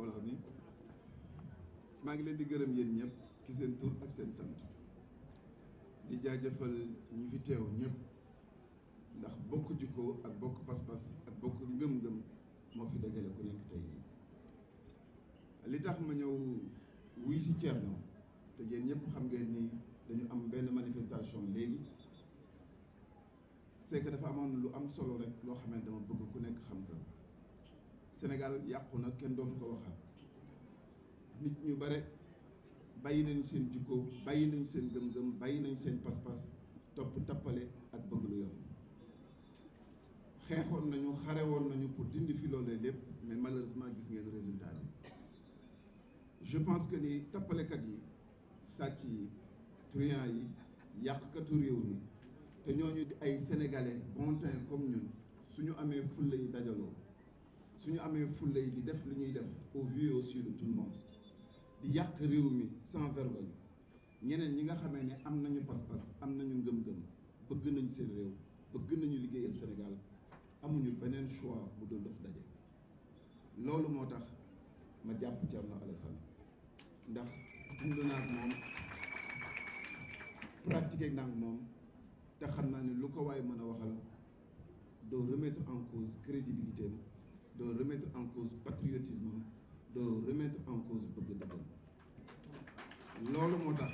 wala xam maa ngi leen di gërëm yéen ñëpp ki seen tur ak seen sant di jaajëfal ñu fi teew ñëpp ndax bokk jikko ak bokk pas-pas ak bokk ngëm-ngëm moo fi dajale ku nekk tey li tax ma ñëw wuy si Thierno te yéen ñëpp xam ngeen nii dañu am benn manifestation léegi c'est dafa amoon lu am solo rek loo xam ne dama bëgg ku nekk xam ko Sénégal yàqu na kenn dootu ko waxal nit ñu bare bàyyi nañ seen jikko bàyyi nañ seen gëm-gëm bàyyi nañ seen pas-pas topp tappale ak bëgg lu yoon xeexoon nañu xare woon nañu pour dindi fi loolee lépp mais malheureusement gis ngeen résultat bi je pense que ni tappalekat yi sàcc yi truand yi yàqkatu réew mi te ñooñu di ay sénégalais bon comme ñun su ñu amee fulla yi dajaloo su ñu amee fullay di def lu ñuy def au vu et au su de tout di yàq réew mi sans vergogne ñeneen ñi nga xamee ne am nañu pas-pas am nañu ngëm-ngëm bëgg nañu seen réew bëgg nañu liggéeyal Sénégal amuñu beneen choix bu dul def daje loolu moo tax ma jàpp Thierno Alassane ndax dund naa ak moom pratiqué naa ak moom te xam naa ne lu ko waay mën a waxal doo remettre en cause crédibilité de remettre en cause patriotisme de remettre en cause bëgg dëggam loolu moo tax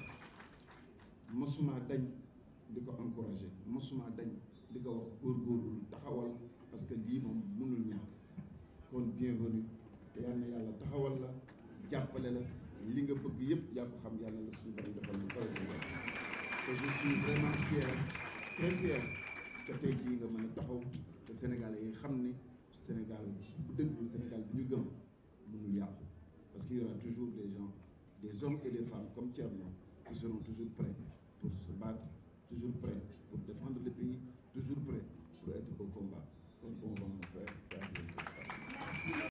mosuma dañ di ko encourager mosuma dañ di ko wax góorgóorlu taxawal parce que lii moom mënul ñàkk kon bienvenue te yàlla taxawal la jàppale la li nga bëgg yëpp yaa xam yàlla la suñu borom defal lu koy sa te je suis vraiment fier très fier que tey jii nga mën a taxaw te sénégalais yi xam ni bu dëgg Sénégal bi ñu gëm mënul yàqu parce qu'il y aura toujours des gens des hommes et des femmes comme Thierno qui seront toujours prêts pour se battre toujours prêts pour défendre le pays toujours prêts